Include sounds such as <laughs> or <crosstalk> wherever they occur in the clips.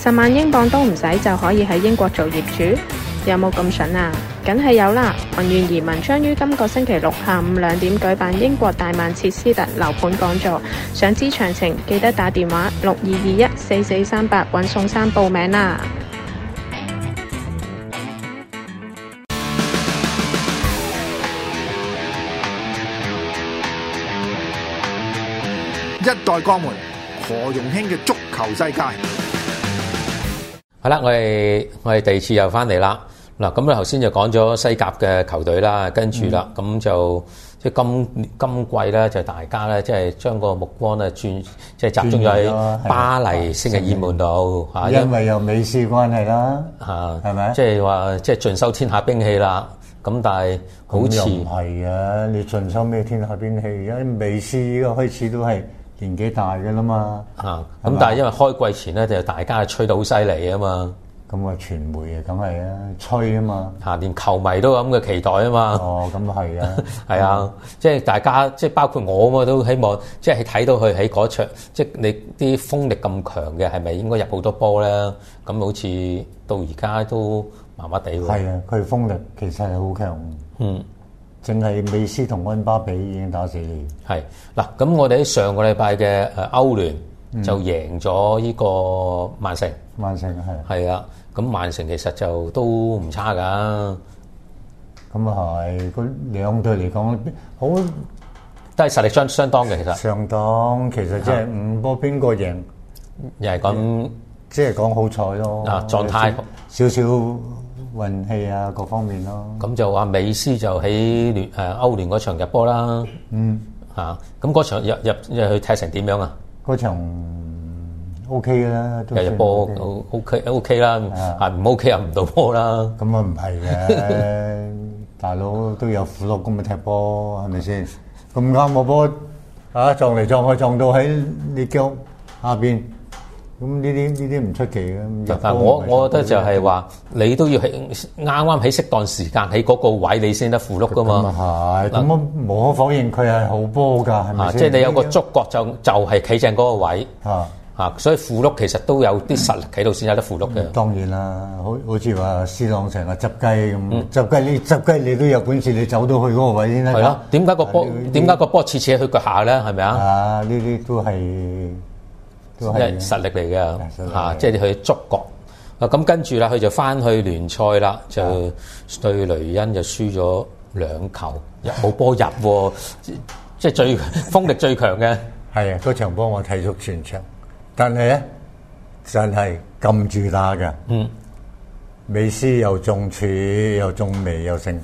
十萬英鎊都唔使就可以喺英國做業主，有冇咁筍啊？梗係有啦！宏遠移民將於今個星期六下午兩點舉辦英國大曼切斯特樓盤講座，想知詳情記得打電話六二二一四四三八，搵宋生報名啦！一代鋼門何容興嘅足球世界。好啦，我哋我哋第二次又翻嚟啦。嗱，咁咧頭先就講咗西甲嘅球隊啦，跟住啦，咁就即係今今季咧就大家咧即係將個目光咧轉即係集中咗喺巴黎聖日耳門度嚇、嗯，因為有美斯關係啦嚇，係咪為吧？即係話即係盡收天下兵器啦。咁但係好似唔係啊！你盡收咩天下兵器？因為美斯一開始都係。年紀大嘅啦嘛，啊，咁吧但係因為開季前咧就大家係吹到好犀利啊嘛，咁啊、嗯、傳媒啊梗係啊吹啊嘛，嚇、啊、連球迷都咁嘅期待啊嘛，哦，咁都係啊，係 <laughs> 啊，嗯、即係大家即係包括我啊嘛都希望即係睇到佢喺嗰場即係你啲風力咁強嘅係咪應該入多呢好多波咧？咁好似到而家都麻麻地喎，係啊，佢風力其實係好強。嗯。淨係美斯同安巴比已經打死你。係嗱，咁我哋喺上個禮拜嘅誒歐聯就贏咗呢個曼城。曼城係。係啊，咁曼城其實就都唔差噶。咁啊係，佢兩隊嚟講，好都係實力相相當嘅其實。上檔其實即係五波，邊個贏？又係講即係講好彩咯。啊，狀態少少。運氣啊，各方面咯。咁就話美斯就喺聯誒歐聯嗰場入波啦。嗯，嚇，咁嗰場入入入去踢成點樣啊？嗰場 OK 啦，都入波 OK OK 啦，嚇唔 OK 入唔到波啦。咁啊唔係嘅，大佬都有苦樂咁嘅踢波，係咪先？咁啱個波嚇撞嚟撞去撞到喺你腳下邊。咁呢啲呢啲唔出奇嘅，但係我我覺得就係話，你都要喺啱啱喺適當時間喺嗰 <laughs> 個位，你先得扶碌噶嘛。咁啊係，咁、嗯、啊、嗯嗯、無可否認佢係好波㗎，係咪？啊啊、即係你有個觸覺就就係企正嗰個位。啊啊，所以扶碌其實都有啲實力，企到先有得扶碌嘅、嗯。當然啦，好好似話斯朗成日執雞咁，執雞你執雞你都有本事，你走到去嗰個位先得㗎。嗯、係係啊，點解個波點解個波次次喺佢腳下咧？係咪啊？啊，呢啲都係。一實力嚟嘅，吓、啊、即係佢足角。咁、啊、跟住啦，佢就翻去聯賽啦，就對雷恩就輸咗兩球，冇波入。 <laughs> 即係最風力最強嘅，係啊！嗰場波我睇足全場，但係咧，真係撳住打嘅。嗯，美斯又中柱又中尾，又剩，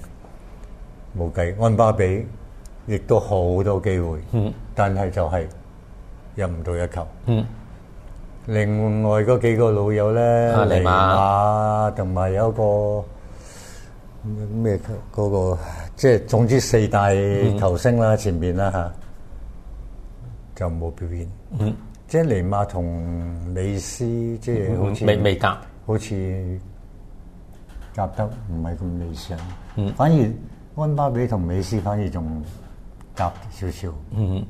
冇計。安巴比亦都好多機會，嗯，但係就係入唔到一球，嗯。嗯。另外嗰幾個老友咧，啊、尼馬同埋有一個咩嗰、啊、個，即係總之四大球星啦，前面啦吓，就冇表現。嗯，嗯、即係尼馬同美斯，即係好似、嗯、未未夾，好似夾得唔係咁理想。嗯、反而安巴比同美斯，反而仲夾少少。嗯，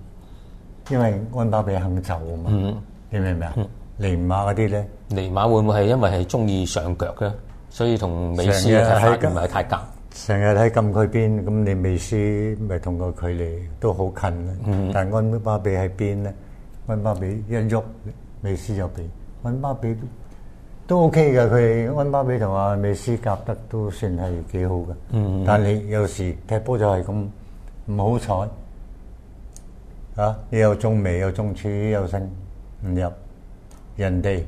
因為安巴比肯就啊嘛。你、嗯、明唔明啊？尼馬嗰啲咧，尼馬會唔會係因為係中意上腳咧？所以同美斯唔係太夾。成日喺禁區邊，咁你美斯咪同佢距離都好近。但安巴比喺邊咧？安巴比一喐，美斯就俾安巴比都 O K 嘅。佢安巴比同阿美斯夾得都算係幾好嘅。但係你有時踢波就係咁唔好彩嚇，你又中楣又中柱又勝唔入。人哋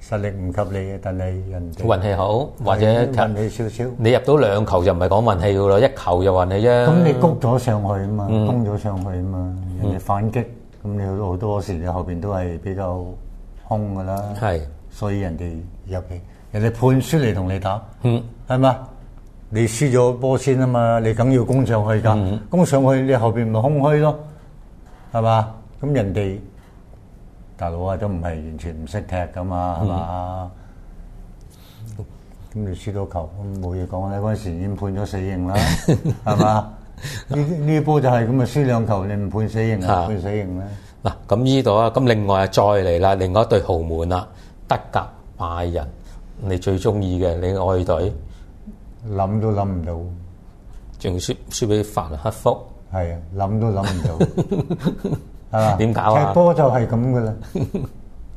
實力唔及你嘅，但係人哋運氣好，或者近你少少。你入到兩球就唔係講運氣噶啦，一球就運氣啫。咁你谷咗上去啊嘛，攻咗上去啊嘛，人哋反擊，咁你好多時你後邊都係比較空噶啦。係，所以人哋入嚟人哋判輸嚟同你打，係嘛？你輸咗波先啊嘛，你梗要攻上去噶，攻上去你後邊咪空虛咯，係嘛？咁人哋。大佬啊，都唔係完全唔識踢噶嘛，係嘛、嗯？咁你輸多球，冇嘢講咧。嗰陣時已經判咗死刑啦，係嘛？呢呢波就係咁啊，輸兩球你唔判死刑啊？ <laughs> 判死刑咧？嗱， <laughs> 咁呢度啊，咁另外啊，再嚟啦，另外一對豪門啦，德甲拜仁，你最中意嘅，你愛隊？諗都諗唔到，仲輸輸俾法蘭克福，係啊，諗都諗唔到。啊！點搞？啊、踢波就係咁噶啦，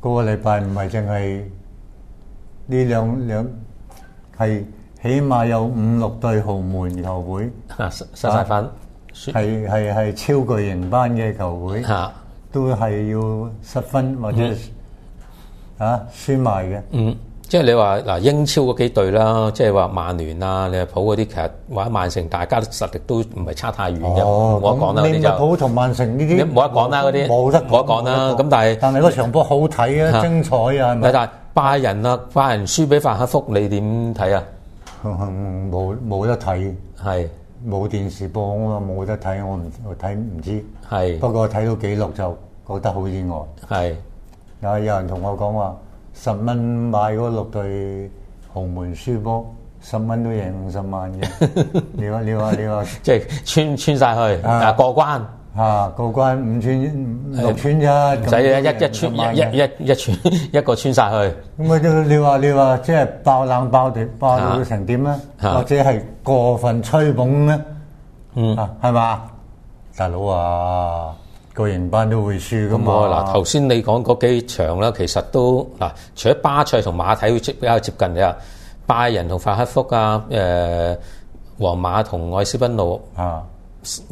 <laughs> 個個禮拜唔係淨係呢兩兩，係起碼有五六隊豪門球會 <laughs> 啊，失失曬分，係係係超巨型班嘅球會， <laughs> 都係要失分或者 <laughs> 啊輸埋嘅。 <laughs> 即係你話，嗱，英超嗰幾隊啦，即係話曼聯啊、利物浦嗰啲，其實或者曼城，大家實力都唔係差太遠嘅。冇得講啦，利物浦同曼城呢啲冇得講啦，嗰啲冇得講啦。咁但係但係嗰場波好睇啊，精彩啊！咪但係拜仁啊，拜仁輸俾法克福，你點睇啊？冇冇得睇，係冇電視播啊嘛，冇得睇，我唔睇唔知。係，不過睇到紀錄就覺得好意外。係，又有人同我講話。十蚊買嗰六對豪門書波，十蚊都贏五十萬嘅。你話你話你話，即係穿穿晒去啊過關啊、過關五串六串一，唔使一一一串一一一串一個穿晒去。咁啊，你話你話即係爆冷爆跌爆到成點咧？或者係過分吹捧咧？ <laughs> 嗯、啊，係嘛，大佬啊！個人班都會輸噶嘛？嗱，頭先你講嗰幾場啦，其實都嗱，除咗巴塞同馬體會接比較接近嘅，拜仁同法克福啊，誒、呃，皇馬同愛斯賓奴啊，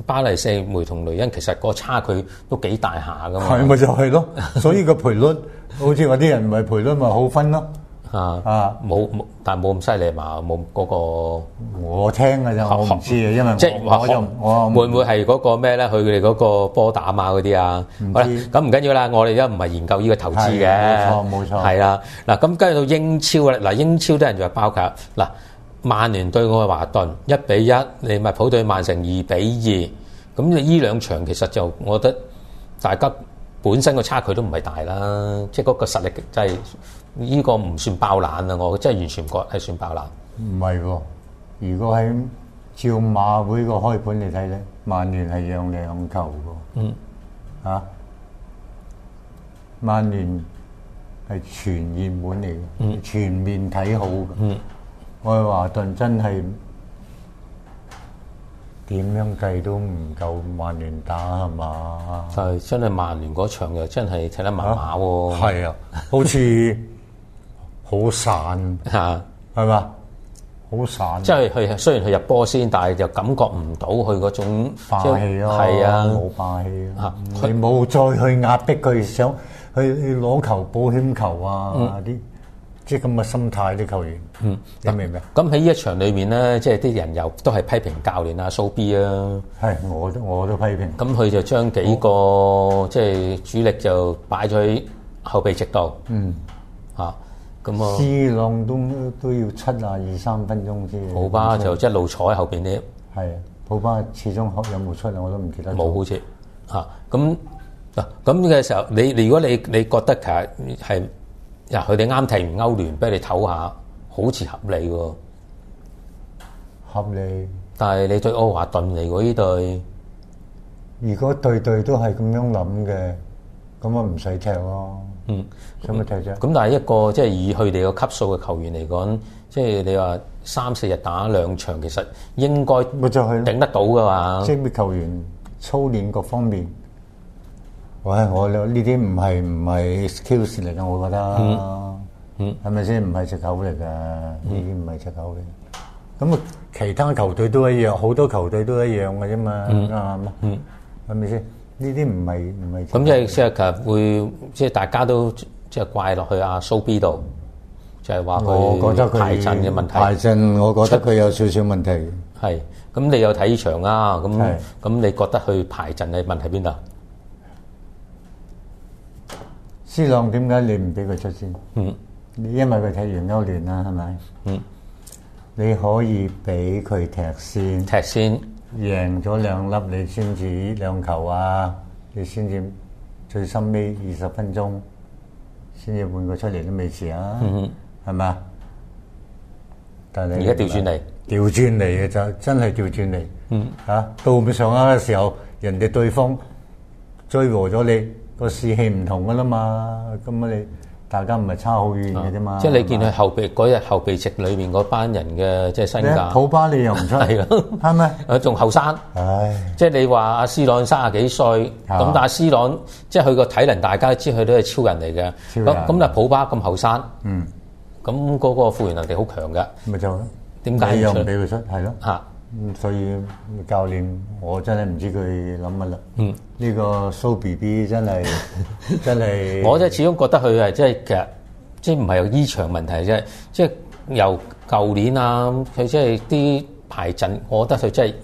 巴黎聖梅同雷恩，其實個差距都幾大下噶嘛。係咪就係咯？所以個賠率， <laughs> 好似話啲人唔係賠率咪好分咯。啊！那個、啊！冇，但係冇咁犀利嘛，冇嗰個。我聽嘅啫，我唔知啊，因為我即係我，我就我會唔會係嗰個咩咧？佢哋嗰個波打嘛嗰啲啊？唔知咁唔緊要啦，我哋而家唔係研究呢個投資嘅。冇錯，冇錯。係啦，嗱咁跟住到英超啦，嗱、啊、英超啲人就係包括嗱、啊，曼聯對愛華頓一比一，啊，利物浦對曼城二比二，咁你呢兩場其實就我覺得，大家本身個差距都唔係大啦，即係嗰個實力就係呢個唔算爆冷啊！我真係完全唔覺係算爆冷。唔係喎，如果喺照馬會個開盤嚟睇咧，曼聯係讓兩球喎。嗯。嚇、啊！曼聯係全熱門嚟嘅，嗯、全面睇好。嗯。愛華頓真係。點樣計都唔夠曼聯打係嘛？就係真係曼聯嗰場又真係睇得麻麻喎，係啊，好似好散嚇，係嘛 <laughs> ？好散，即係去雖然佢入波先，但係就感覺唔到佢嗰種霸氣咯，冇霸氣啊，是啊你冇再去壓迫佢，想去攞球保險球啊啲。嗯。即係咁嘅心態，啲球員，嗯，咁明唔明？咁喺呢一場裏面咧，即係啲人又都係批評教練啊、蘇 B 啊。係，我都我都批評。咁佢就將幾個即係主力就擺咗喺後備席度。嗯。嚇！咁啊。C 朗都都要七啊二三分鐘先。普巴就一路坐喺後邊啲。係啊！普巴始終有冇出嚟我都唔記得。冇好似嚇咁嗱，咁嘅時候，你如果你你覺得其實係。嗱，佢哋啱踢完歐聯，畀你唞下，好似合理喎。合理。但係你對奧華頓嚟，呢隊，如果對對都係咁樣諗嘅，咁我唔使踢咯、嗯嗯。嗯，使乜踢啫？咁但係一個即係以佢哋個級數嘅球員嚟講，即係你話三四日打兩場，其實應該咪就係頂得到㗎嘛？職業球員操練各方面。喂，我呢啲唔係唔係 excuse 嚟噶，我覺得，嗯，係咪先？唔係隻狗嚟噶，呢啲唔係隻狗嚟嘅。咁啊，其他球隊都一樣，好多球隊都一樣嘅啫嘛，啱唔啱？嗯，係咪先？呢啲唔係唔係。咁即係其實會即係大家都即係怪落去阿蘇 B 度，就係話佢排陣嘅問題。排陣，我覺得佢有少少問題。係，咁你有睇場啊？咁咁，你覺得佢排陣嘅問題邊度？思朗點解你唔俾佢出先？嗯，因為佢踢完歐聯啦，係咪？嗯，你可以俾佢踢，踢先，踢先，贏咗兩粒，你先至兩球啊！你先至最深尾二十分鐘，先至換佢出嚟都未遲啊！嗯咪哼？係，但係而家調轉嚟，調轉嚟嘅就真係調轉嚟。嗯，吓、啊、到咁上下嘅時候，人哋對方追和咗你。個士氣唔同㗎啦嘛，咁你大家唔係差好遠嘅啫嘛。即係你見佢後備嗰日吧後備席裏邊嗰班人嘅即係身價、啊。普巴你又唔出嚟啦，係咪 <laughs> 啊？仲後生。唉，即係你話阿斯朗三十幾歲，咁、啊、但係阿斯朗即係佢個體能，大家知佢都係超人嚟嘅。咁咁啊普巴咁後生，嗯，咁嗰個復原能力好強㗎，咪就咯。點解一俾佢出？係咯、嗯。所以教練，我真係唔知佢諗乜啦。嗯，呢個蘇 B B 真係 <laughs> 真係是，我真係始終覺得佢係即係其實即係唔係有衣長問題啫，即係由舊年啊，佢即係啲排陣，我覺得佢真係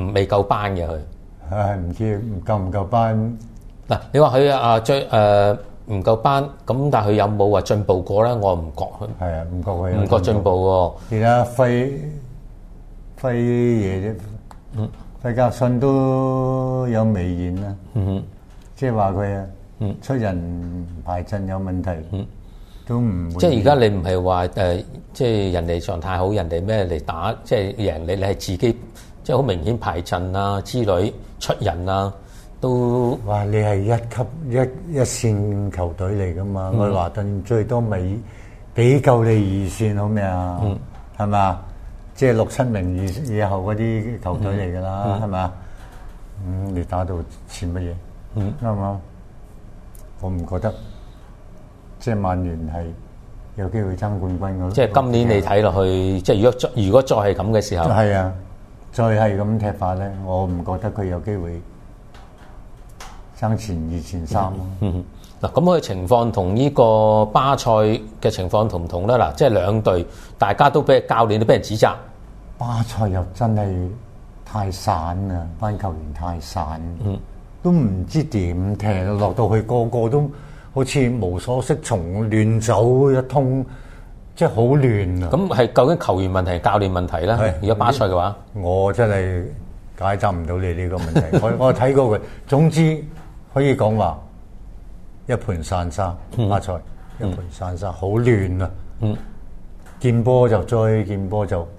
唔未夠班嘅佢。係唔、哎、知唔夠唔夠班嗱？你話佢啊啊張誒唔夠班咁，但係佢有冇話進步過咧？我唔覺佢。係啊，唔覺佢唔覺進步喎。而家肺。費爺嘅，費格遜都有微言啊，嗯、哼即係話佢啊出人排陣有問題，嗯、哼都唔即係而、就是、家你唔係話誒，即係人哋狀態好，人哋咩嚟打，即、就、係、是、贏你，你係自己即係好明顯排陣啊之類出人啊，都話你係一級一一線球隊嚟㗎嘛，嗯、愛華頓最多咪比，畀夠你二線好未啊？係咪、嗯？即係六七名以以後嗰啲球隊嚟噶啦，係咪、嗯？咁、嗯、你打到似乜嘢啱唔啱？我唔覺得，即係曼聯係有機會爭冠軍嗰。即係今年你睇落去，即係如果再如果再係咁嘅時候，係、嗯、啊，再係咁踢法咧，我唔覺得佢有機會爭前二前三、啊。嗱、嗯，咁、嗯、佢、嗯那個、情況同呢個巴塞嘅情況同唔同咧？嗱，即係兩隊大家都俾教練都俾人指責。巴塞又真係太散啦，班球員太散，嗯、都唔知點踢，落到去個個都好似無所適從，亂走一通，即係好亂啊！咁係究竟球員問題，係教練問題咧？是如果巴塞嘅話，我真係解答唔到你呢個問題。 <laughs> 我我睇過佢，總之可以講話一盤散沙，巴塞一盤散沙，好亂啊！嗯、見波就追，見波就～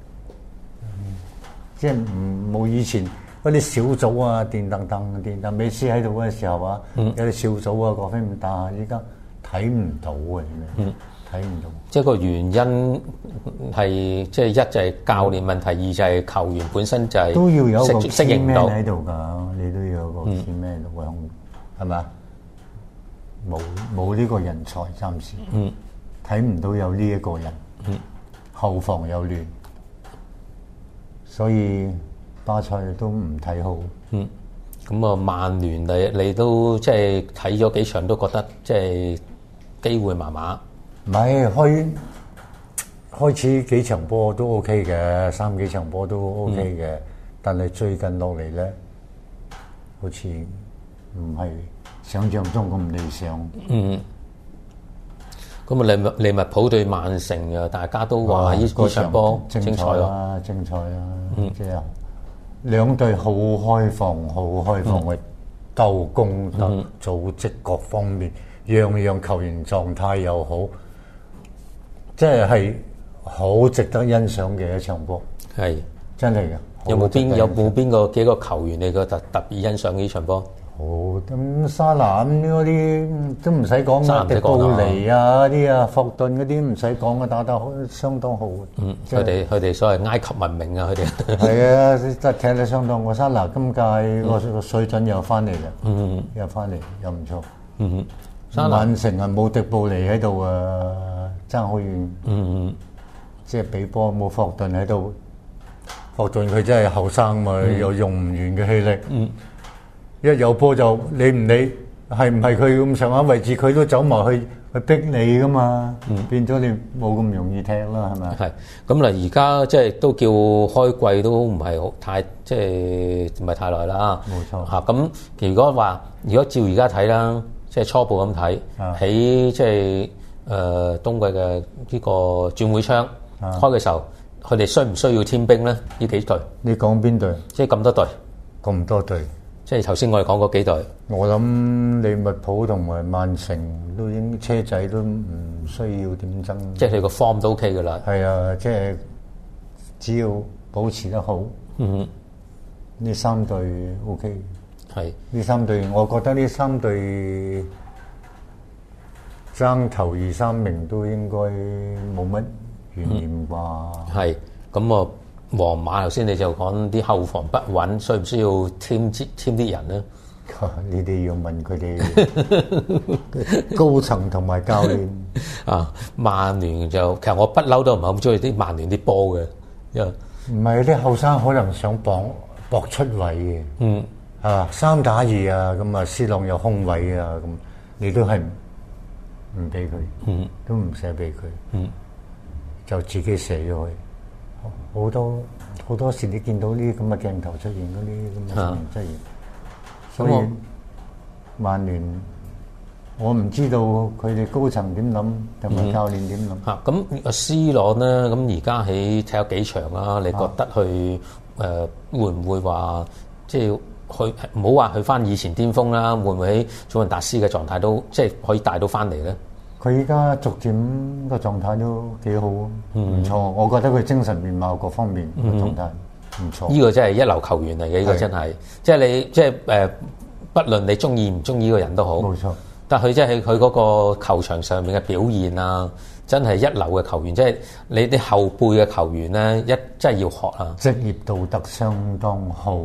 即係唔冇以前嗰啲小組啊、電凳凳、電凳美斯喺度嗰陣時候啊，有啲小組啊、國乒咁打，依家睇唔到啊。咁樣，睇唔到、啊嗯。即係個原因係即係一就係教練問題，嗯、二就係球員本身就係都要有適適應到喺度㗎，嗯、你都要個、嗯、有個啲咩嘅樣，係咪啊？冇冇呢個人才暫時，睇唔、嗯、到有呢一個人，嗯、後防有亂。所以巴塞都唔睇好。嗯，嗯，咁啊，曼聯嚟，你都即係睇咗幾場都覺得即係機會麻麻。唔係開開始幾場波都 OK 嘅，三幾場波都 OK 嘅，嗯，但係最近落嚟咧，好似唔係想像中咁理想。嗯。咁啊，利物浦對曼城啊，大家都話呢哇這場波精彩咯，啊，精彩啦，啊！即係兩隊好開放、好開放嘅鬥功、同、嗯、組織各方面，樣、嗯、樣球員狀態又好，即係係好值得欣賞嘅一場波。係是真係噶，有冇邊有冇邊個幾個球員你覺得特別欣賞呢場波？哦，咁沙拿嗰啲都唔使講，阿迪布尼啊嗰啲啊，霍頓嗰啲唔使講啊，打得好相當好。嗯，佢哋佢哋所謂埃及文明啊，佢哋係啊，真係踢得相當。我沙拿今屆個個水準又翻嚟啦，嗯，又翻嚟又唔錯。嗯，沙拿成日冇迪布尼喺度啊，爭好遠。嗯嗯，即係比波冇霍頓喺度，霍頓佢真係後生咪，有用唔完嘅氣力。嗯。一有波就你唔理，係唔係佢咁上下位置，佢都走埋去去逼你噶嘛，嗯、變咗你冇咁容易踢啦，係咪？係咁嗱，而家即係都叫開季都唔係好太即係唔係太耐啦。冇錯嚇，咁、啊、如果話如果照而家睇啦，即係初步咁睇，喺、啊、即係誒冬季嘅呢個轉會窗開嘅時候，佢哋、啊、需唔需要添兵咧？呢幾隊？你講邊隊？即係咁多隊，咁多隊。即係頭先我哋講嗰幾隊，我諗利物浦同埋曼城都應車仔都唔需要點爭。即係佢個 form 都 OK 噶啦。係啊，即係只要保持得好，嗯哼，呢三隊 OK。係，呢三隊我覺得呢三隊爭頭二三名都應該冇乜懸念啩。係，咁我。皇馬頭先你就講啲後防不穩，需唔需要添啲添啲人咧？呢啲、啊、要問佢哋 <laughs> 高層同埋教練。啊，曼聯就其實我不嬲都唔係好中意啲曼聯啲波嘅，因為唔係啲後生可能想搏搏出位嘅。嗯，啊三打二啊，咁啊 C 朗又空位啊，咁你都係唔俾佢，都唔射俾佢，嗯、就自己射咗去。好多好多時你見到啲咁嘅鏡頭出現嗰啲咁嘅出現，啊、所以曼聯我唔知道佢哋高層點諗同埋教練點諗。嚇咁阿 C 朗咧，咁而家喺踢咗幾場啦、啊，你覺得佢誒、啊呃、會唔會話即係去唔好話去翻以前巔峯啦、啊？會唔會喺祖雲達斯嘅狀態都即係可以帶到翻嚟咧？佢依家逐漸個狀態都幾好啊，唔錯、嗯。我覺得佢精神面貌各方面、嗯、狀態唔錯。呢個真係一流球員嚟嘅，呢是的 個真係。即係是的 你，即係誒，不論你中意唔中意呢個人都好。冇錯沒錯、就是。但係佢即係佢嗰個球場上面嘅表現啊，真係一流嘅球員。即、就、係、是、你啲後輩嘅球員咧，一真係要學啊，職業道德相當好。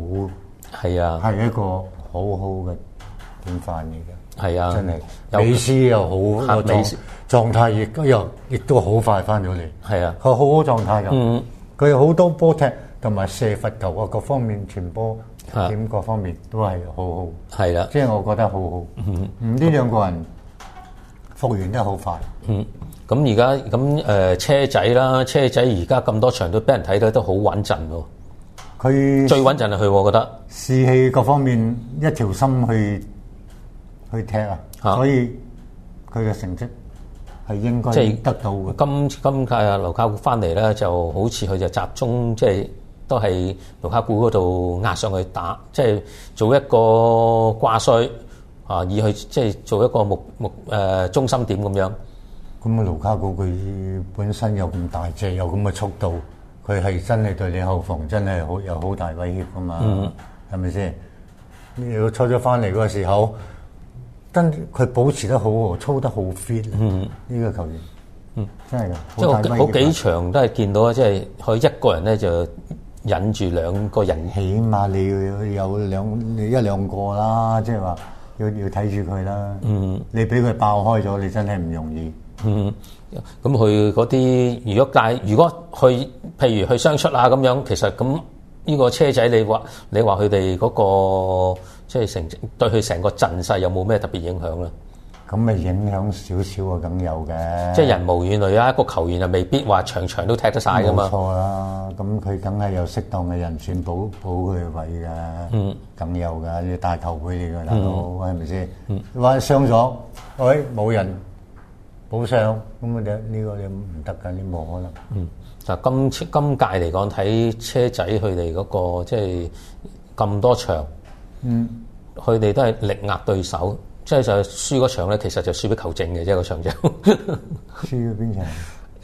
係啊。係一個好好嘅典範嚟嘅。係啊，真係。美斯又好，狀態亦又亦都好快翻咗嚟。係啊，佢好好狀態噶。嗯，佢好多波踢同埋射罰球啊，各方面傳波點各，各方面都係好好。係啦、啊，即係我覺得好好。啊、嗯呢兩個人復原得好快嗯。嗯，咁而家咁誒車仔啦，車仔而家咁多場都俾人睇到都好穩陣喎。佢它最穩陣係佢，我覺得士氣各方面一條心去。去踢啊！所以佢嘅成績係應該即係是得到嘅。今今屆啊，盧卡古翻嚟咧，就好似佢就集中，即係都係盧卡古嗰度壓上去打，即係做一個掛帥啊，以去即係做一個目目誒中心點咁樣、嗯。咁啊，盧卡古佢本身有咁大隻，有咁嘅速度，佢係真係對你後防真係好有好大威脅噶嘛？係咪先？你佢出咗翻嚟嗰個時候。真佢保持得好喎，操得好 fit。嗯，呢個球員，真嗯，真係噶，即係好幾場都係見到，即係佢一個人咧就忍住兩個人起啊嘛，你要有兩你一兩個啦，即係話要要睇住佢啦。嗯，你俾佢爆開咗，你真係唔容易。嗯，咁佢嗰啲，如果但如果佢，譬如去相出啊咁樣，其實咁。呢個車仔，你話你話佢哋嗰個即係成對佢成個陣勢有冇咩特別影響咧？咁咪影響少少啊。梗有嘅。即係人無遠慮啊，個球員又未必話場場都踢得晒噶嘛。冇錯啦，咁佢梗係有適當嘅人選補補佢位㗎。嗯，梗有㗎，你大球隊嚟㗎，大佬係咪先？嗯，話傷咗，喂，冇人補上，咁我哋呢個你唔得㗎，你冇可能。嗯。就今今屆嚟講，睇車仔佢哋嗰個即係咁多場，嗯，佢哋都係力壓對手，即係就輸嗰場咧，其實就輸俾球證嘅，啫。係嗰場就輸咗邊場？誒、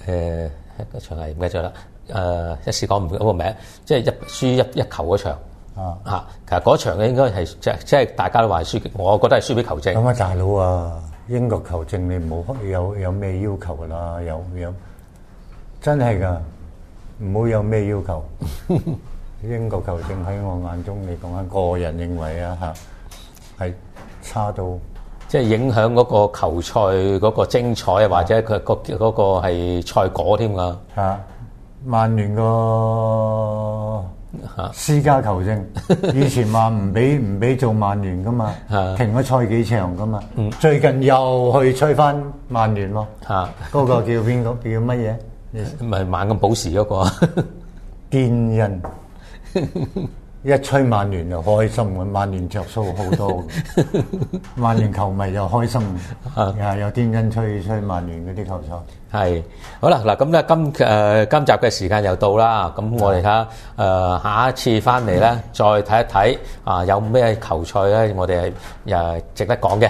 欸，個場係唔記得咗啦，誒、呃、一時講唔到個名，即係一輸一一球嗰場啊吓，其實嗰場咧應該係即係即係大家都話輸，我覺得係輸俾球證。咁啊大佬啊，英國球證你唔好有有咩要求噶啦，有有，有，有真係噶。唔好有咩要求，英國球證喺我眼中嚟講，緊 <laughs> 個人認為啊，嚇係差到即係影響嗰個球賽嗰個精彩啊， <laughs> 或者佢個嗰個係賽果添啦。啊，曼聯個私家球證， <laughs> 以前話唔俾唔俾做曼聯噶嘛， <laughs> 停咗賽幾場噶嘛。最近又去吹翻曼聯咯。啊，嗰個叫邊個叫乜嘢？唔係萬咁保時嗰個，癲人一吹曼聯就開心，曼聯着數好多，曼聯球迷又開心，又係有癲人吹吹曼聯嗰啲球賽。係，好啦，嗱咁咧今誒今集嘅時間又到啦，咁我哋睇下誒下一次翻嚟咧，再睇一睇啊，有咩球賽咧，我哋係誒值得講嘅。